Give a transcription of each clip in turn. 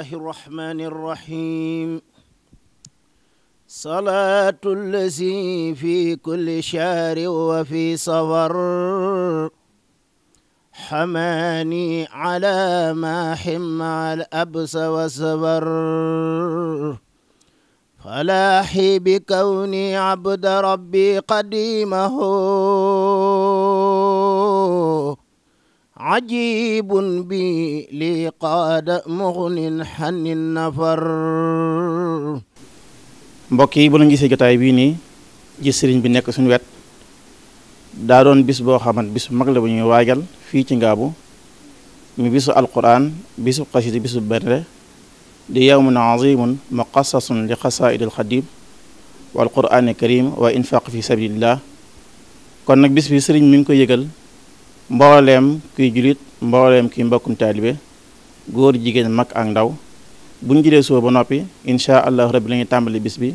الرحمن الرحيم صلاة الذي في كل شهر وفي صفر حماني على ما حم الأبس والصبر فلاحي بكوني عبد ربي قديمه ajibun bi li qaada muxnin yi bu lañ gisee jotaay bii nii gis sëriñ bi nekk suñ wet daa doon bis boo xamante bisu mag la bu ñuy waajal fii ci ngaabu mi bisu alquran bisu xasida bisu bernde di yawmun azimun muqassasun li xasaid alxadim wa alqurani karim wa infaq fi sabilillah kon nag bis bi sëriñ mi ngi ko yëgal mbooleem kuy julit mbooleem kuy mbokkum taalibe góor jigéen mag ak ndaw buñ jëlee suba ba noppi incha allah rabbi la tàmbali bis bi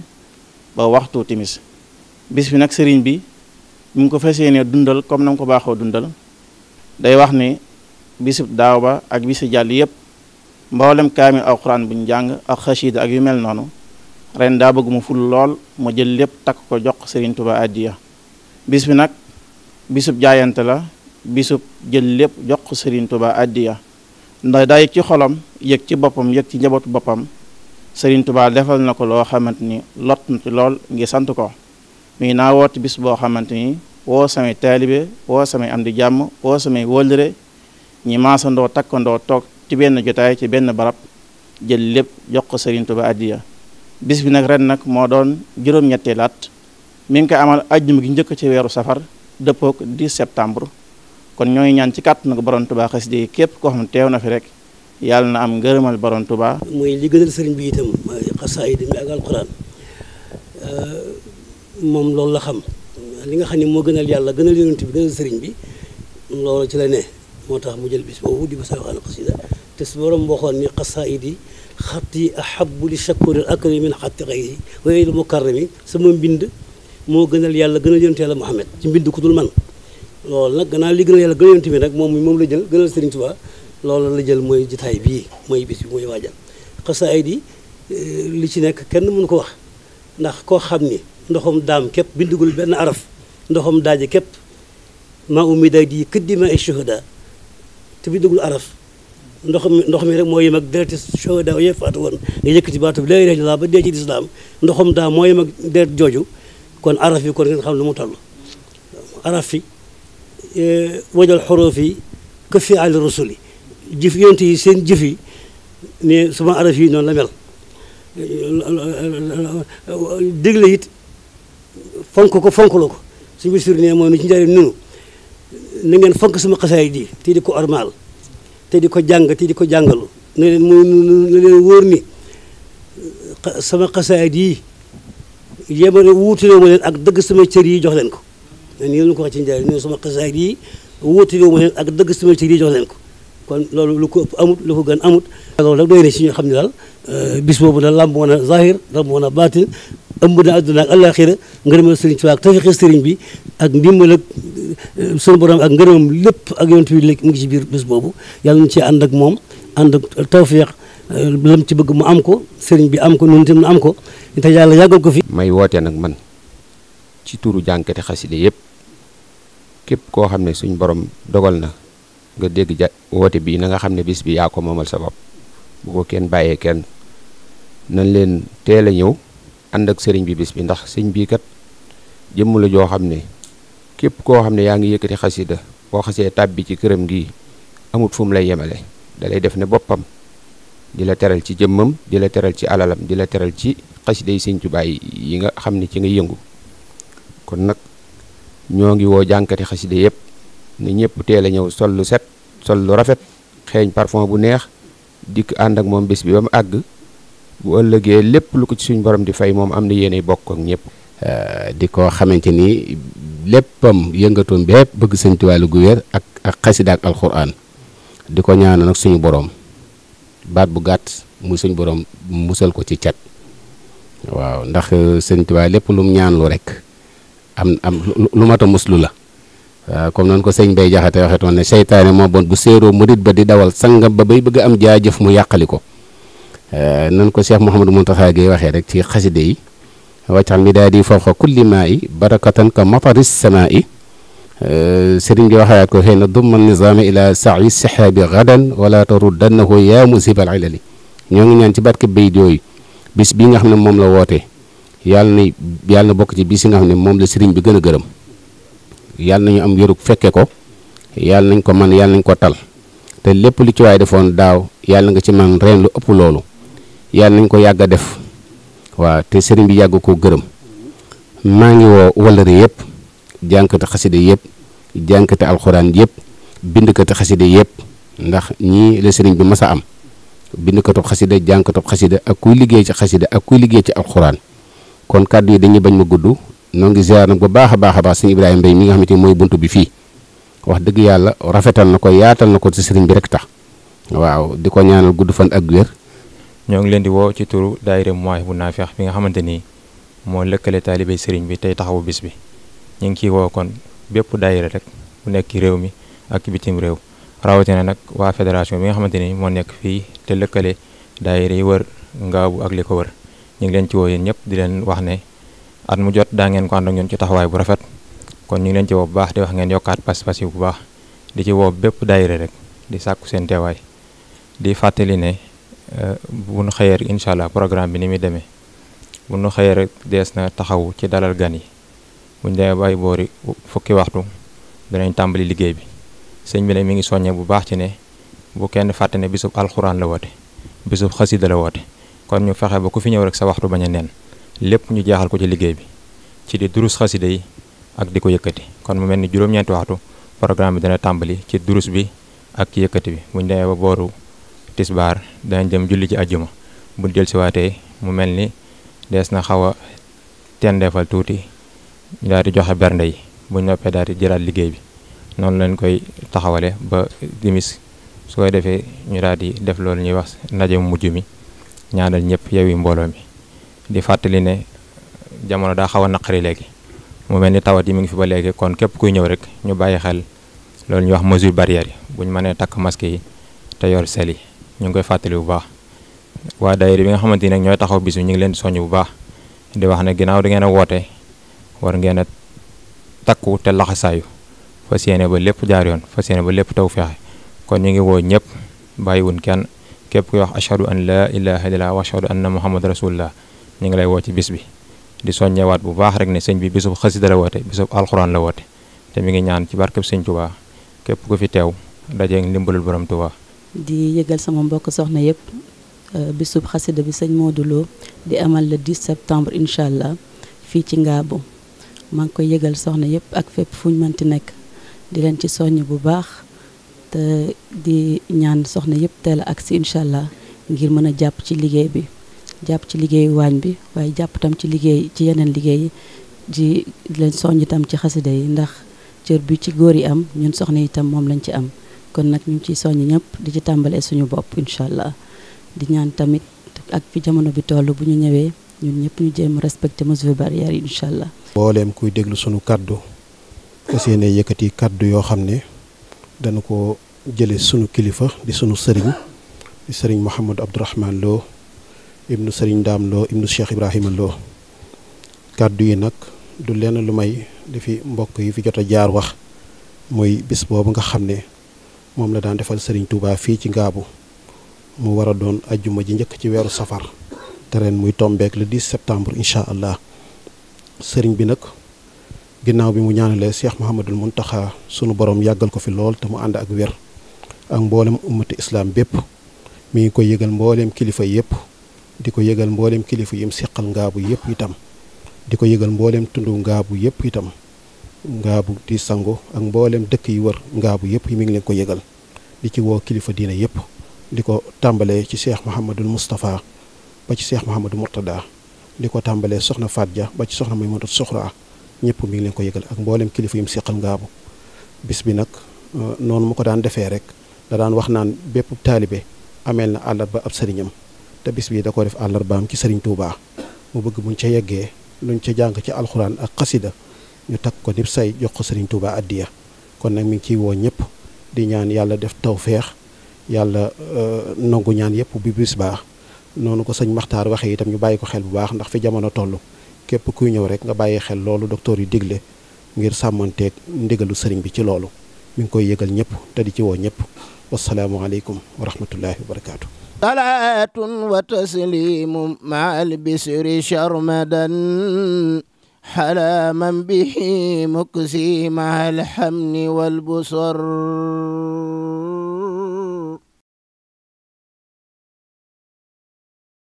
ba waxtu timis bis bi nag sëriñ bi mu ko fas yéenee dundal comme na mu ko baaxoo dundal day wax ni bisub daaw ba ak bisu jàll yëpp mboolem kaamil alxuraan buñ jàng ak xasida ak yu mel noonu ren daa bëgg mu ful lool mu jël lépp takk ko jox sëriñ Tuubaa addiya bis bi nag bisub jaayante la bisub jël lépp jox ko Serigne Touba addiya ndax daa yëg ci xolam yëg ci boppam yëg ci njabootu boppam Serigne Touba defal na ko loo xamante ni lot na ci lool ngi sant ko mi naa woote bis boo xamante ni woo samay taalibe woo samay am di jàmm woo samay wóllëre ñi maasandoo takkandoo toog ci benn jotaay ci benn barab jël lépp jox ko Serigne Touba addiya bis bi nag ren nag moo doon juróom-ñetteelaat mi ngi koy amal ajjuma gi njëkk ci weeru safar dëppook 10 septembre kon ñooy ñaan ci kàtt nag borom Touba xasida yi képp koo xam ne teew na fi rek yàlla na am ngërëmal borom Touba. mooy li gënal sëriñ bi itam xasaayid mi ak loolu la xam li nga xam ne moo gënal yàlla gënal yonent bi gënal sëriñ bi loolu ci la moo tax mu jël bis boobu di basa waxaan xasida te su borom waxoon ni xasaayid yi xat yi ahabu li shakuri al akrami min xatti xayri waaye lu sama mbind moo gënal yàlla gënal yonent yàlla Muhammad ci mbind ku dul man loolu nag gannaaw li gënal yàlla gënal yonent rek moom moom la jël gënal Serigne Touba loolu la jël mooy jitaay bii mooy bis bi mooy waajal xasaay di eh, li ci nekk kenn mënu ko wax ndax koo xam ni ndoxum daam képp bindugul benn araf ndoxum daaje képp maa umi day di këddima ay shuhada te bindugul araf ndox mi ndox mi rek moo yem ak dereti shuhada yee faatu woon nga yëkkati baatu bi laa ilaaha illallaah ba dee ci lislaam ndoxam daam moo yem deret jooju kon araf yi kon xam lu mu toll araf yi wajal xoroof yi ka fi àll rasul yi jëf yonent yi seen jëf yi ne suma araf yi noonu la mel digle it fonk ko fonk la ko suñu bisir ne moo nu ci njëriñ nunu na ngeen fonk sama xasaay di te di ko ormaal te di ko jàng te di ko jàngalu na leen mu na leen wóor ni sama xasaay yi yéema ne wuutu ma leen ak dëgg sama cër yi jox leen ko ni ngeen ko ci njaay ne sama xasaayid yi wóote yow ma ak dëgg sama ci yi jox leen ko kon loolu lu ko ëpp amut lu ko gën amut loolu nag doy na si ñu xam ne daal euh, bis boobu daal làmb woon a zahir làmb woon a baatin ëmb na àdduna ak àllaaxira ngërëmal sëriñ Tuubaa ak tawfiix sëriñ bi ak ndimbal ak euh, sunu borom ak ngërëmam lépp ak yonent bi léegi mu ngi ci biir bis boobu yàlla ñu ci ànd ak moom ànd ak tawfiix euh, lam ci bëgg mu am ko sëriñ bi am ko ñun itam am ko te yàlla yàggal ko fi may woote nag man ci turu jànkati xaside yëpp képp koo xam ne suñ borom dogal na nga dégg ja woote bii na nga xam ne bis bi yaa ko moomal sa bopp bu kenn bàyyee kenn nañ leen teel a ñëw ànd ak sëriñ bi bis bi ndax sëñ bii kat jëmm la joo xam ne képp koo xam ne yaa ngi yëkkati xasida koo xasee tàbbi ci këram gi amut fu mu lay yemale dalay def ne boppam di la teral ci jëmmam di la teral ci alalam di la teral ci xasida yi sëñ Tuubaa yi nga xam ne ci nga yëngu kon nag ñoo ngi woo jànkati xaside yëpp ne ñëpp teel a ñëw sol lu set sol lu rafet xeeñ parfum bu neex dikk ànd ak moom bés bi ba mu àgg bu ëllëgee lépp lu ko ci suñu borom di fay moom am na yéenay bokk ak ñëpp. Euh, di ko xamante ni léppam yëngatoom bépp bëgg sëñ Tuubaa lu gu ak ak xasida di ko ñaanal nag suñu borom baat bu gàtt muy suñu borom musal ko ci cat waaw ndax euh, sëñ Tuubaa lépp lum ñaanlu rek. am am lu mat a muslu la waaw comme noonu ko sëñ Bay Jaxate waxee woon ne seytaane moo bon bu séeroo murit ba di dawal sangam ba bay bëgg am jaajëf mu yàqali ko eh, nan ko Cheikh Mouhamadou Mountakha Gueye waxee rek ci xaside yi waccax mi daal di fawqa kulli maa i barakatan ka mataris samaa i eh, sëriñ bi waxaat ko xëy na dumma nizaama ila sa'i sihaabi gadan wala taruddannahu yaa musibal ilali ñoo ngi ñaan ci barke bayit yooyu bis bi nga xam ne moom la wootee yàlla na yàlla bokk ci bis si nga xam ne moom la sëriñ bi gën a gërëm yàlla nañu am yërug fekke ko yàlla nañ ko man yàlla nañ ko tal te lépp lu ci waay defoon daaw yàlla nga ci man reen lu ëpp loolu yàlla nañ ko yàgg a def waaw te sëriñ bi yàgg koo gërëm maa ngi woo walëri yëpp jànkati xaside yëpp jànkati alxuraan yëpp bindkati xaside yëpp ndax ñii la sëriñ bi mas a am bindkatu xaside jànkatu xaside ak kuy liggéey ci xaside ak kuy liggéey ci alxuraan kon kàddu yi dañuy bañ ma gudd noo ngi ziar nag bu baax a baax a baax sëñ Ibrahima Mbaye mi nga xamante ni mooy bunt bi fii wax dëgg yàlla rafetal na ko yaatal na ko ci sëriñ bi rek tax waaw di ko ñaanal gudd fan ak ñoo ngi leen di woo ci turu daayira Mawahibou Nafih bi nga xamante ni moo lëkkale taalibe sëriñ bi tey taxawu bis bi ñu ngi ciy woo kon bépp daayira rek mu nekk réew mi ak bitim réew rawatina nag waa fédération bi nga xamante ni moo nekk fii te lëkkale daayira yi wër ngaabu ak li ko wër. ñu ngi leen ci woo yéen ñëpp di leen wax ne at mu jot daa ngeen ko ànd ak ñun ci taxawaay bu rafet kon ñu ngi leen ci woo bu baax di wax ngeen yokkaat pas-pas yi bu baax di ci woo bépp daayira rek di sàkku seen teewaay di fàttali ne eh, bu nu xëyee rek incha allah programme bi ni muy demee bu nu xëyee rek dees na taxawu ci dalal gan yi bu ñu demee bay boori fukki waxtu danañ tàmbali liggéey bi sëñ bi ne mi ngi soññee bu baax ci ne bu kenn fàtte ne bisub alxuraan la woote bisub xasida la woote. kon ñu fexe ba ku fi ñëw rek sa waxtu bañ a neen lépp ñu jaaxal ko ci liggéey bi ci di durus xasida yi ak di ko yëkkati kon mu mel ni juróom-ñeenti waxtu programme bi dana tàmbali ci durus bi ak ci yëkkati bi buñ demee ba booru tisbaar danañ dem julli ci àjjuma buñ del siwaatee mu mel ni des na xaw a tendeefal tuuti daal di joxe bernde yi buñ noppee daal di jëlaat liggéey bi noonu lañ koy taxawale ba dimis su koy defee ñu daal di def loolu ñuy wax ndaje mu mujj mi ñaanal ñëpp yow yi mbooloo mi di fàttali ne jamono daa xaw a naqari léegi mu mel ni tawat yi mu ngi fi ba léegi kon képp kuy ñëw rek ñu bàyyi xel loolu ñuy wax mesure barrière yi bu ñu mënee takk masque yi te yor sel yi ñu ngi koy fàttali bu baax waa daayira bi nga xamante ne ñooy taxaw bisu ñu ngi leen di bu baax di wax ne ginnaaw da ngeen a woote war ngeen a takku te laxasaayu fas yéene ba lépp jaar yoon fas yéene ba lépp taw feexe kon ñu ngi woo ñëpp bàyyiwun kenn képp kuy wa ashhadu anna muhammad woo ci bis bi di bu baax rek ne sëñ bi bisub xasida la woote bisub alxuraan la mi ngi ñaan ci barkeb sëñ Tuubaa képp ku fi teew dajeeg ndimbalul borom Tuubaa di yëgal sama mbokk soxna yëpp euh, bisub xasida bi sëñ moo Lo di amal le 10 septembre incha allah fii ci Ngaabu maa ngi koy yëgal soxna yëpp ak fépp fu nekk di leen ci soññ bu baax te di ñaan soxna yëpp teel ak agsi incha allah ngir mën a jàpp ci liggéey bi jàpp ci liggéeyu waañ bi waaye jàpp tam ci liggéey ci yeneen liggéey yi di leen soññ tam ci xasida yi ndax cër bi ci góor yi am ñun soxna itam moom lañ ci am kon nag ñu ngi ciy soññ ñëpp di ci tàmbalee suñu bopp incha allah di ñaan tamit ak fi jamono bi toll bu ñu ñëwee ñun ñëpp ñu jéem respecté mesures barrières yi incha allah. mbooleem kuy déglu suñu kaddu fas yéene yëkkati kaddu yoo xam ne jële sunu kilifa di sunu sëriñ di sëriñ Mouhamadou Abdourahman Lo ibnu sëriñ Daam Lo ibnu Cheikh Ibrahima Lo kàddu yi nag du lenn lu may li fi mbokk yi fi jot a jaar wax mooy bis boobu nga xam ne moom la daan defal sëriñ Touba fii ci Ngaabu mu war a doon ajjuma ji njëkk ci weeru safar te muy tombeek le 10 septembre incha allah sëriñ bi nag ginnaaw bi mu ñaanalee Cheikh Mouhamadul Mountakha sunu borom yàggal ko fi lool te mu ànd ak wér. ak mboolem ummatu islaam bépp mu ngi ko yëgal mbooleem kilifa yëpp di ko yëgal mbooleem kilifa yim seqal ngaabu yëpp itam di ko yëgal mbooleem tundu ngaabu yëpp itam ngaabu di sango ak mbooleem dëkk yi wër ngaabu yëpp mi ngi leen ko yëgal di ci woo kilifa diina yëpp di ko tàmbalee ci seex Muhammadul Moustapha ba ci seex Muhammadu Murtada di ko tàmbalee soxna Fatja ba ci soxna Maymunatu Suxra ñëpp mu ngi leen ko yëgal ak mbooleem kilifa yim seqal ngaabu bis bi nag euh, noonu mu ko daan defee rek da daan wax naan bépp taalibe ameel na àllarba ab sëriñam te bis bii da ko def àllarbaam ci sëriñ Touba mu bëgg buñ ca yeggee ñu ca jàng ci alxuraan ak xasida ñu takk ko nib say jox ko sëriñ Touba addiya kon nag mi ngi ciy woo ñëpp di ñaan yàlla def tawféex yàlla euh, nangu ñaan yëpp bi bis baax noonu ko sëñ Maxtaar waxee itam ñu bàyyi ko xel bu baax ndax fi jamono toll képp kuy ñëw rek nga bàyyi xel loolu docteur yu digle ngir sàmmanteeg ndigalu sëriñ bi ci loolu mi ngi koy yëgal ñëpp te di ci woo ñëpp. wasalaamualeykum wa rahmatullahi wa barakaatu. salaatun wa taslimu ma albisri sharmadan xalaaman bihi muksi ma alhamni walbusar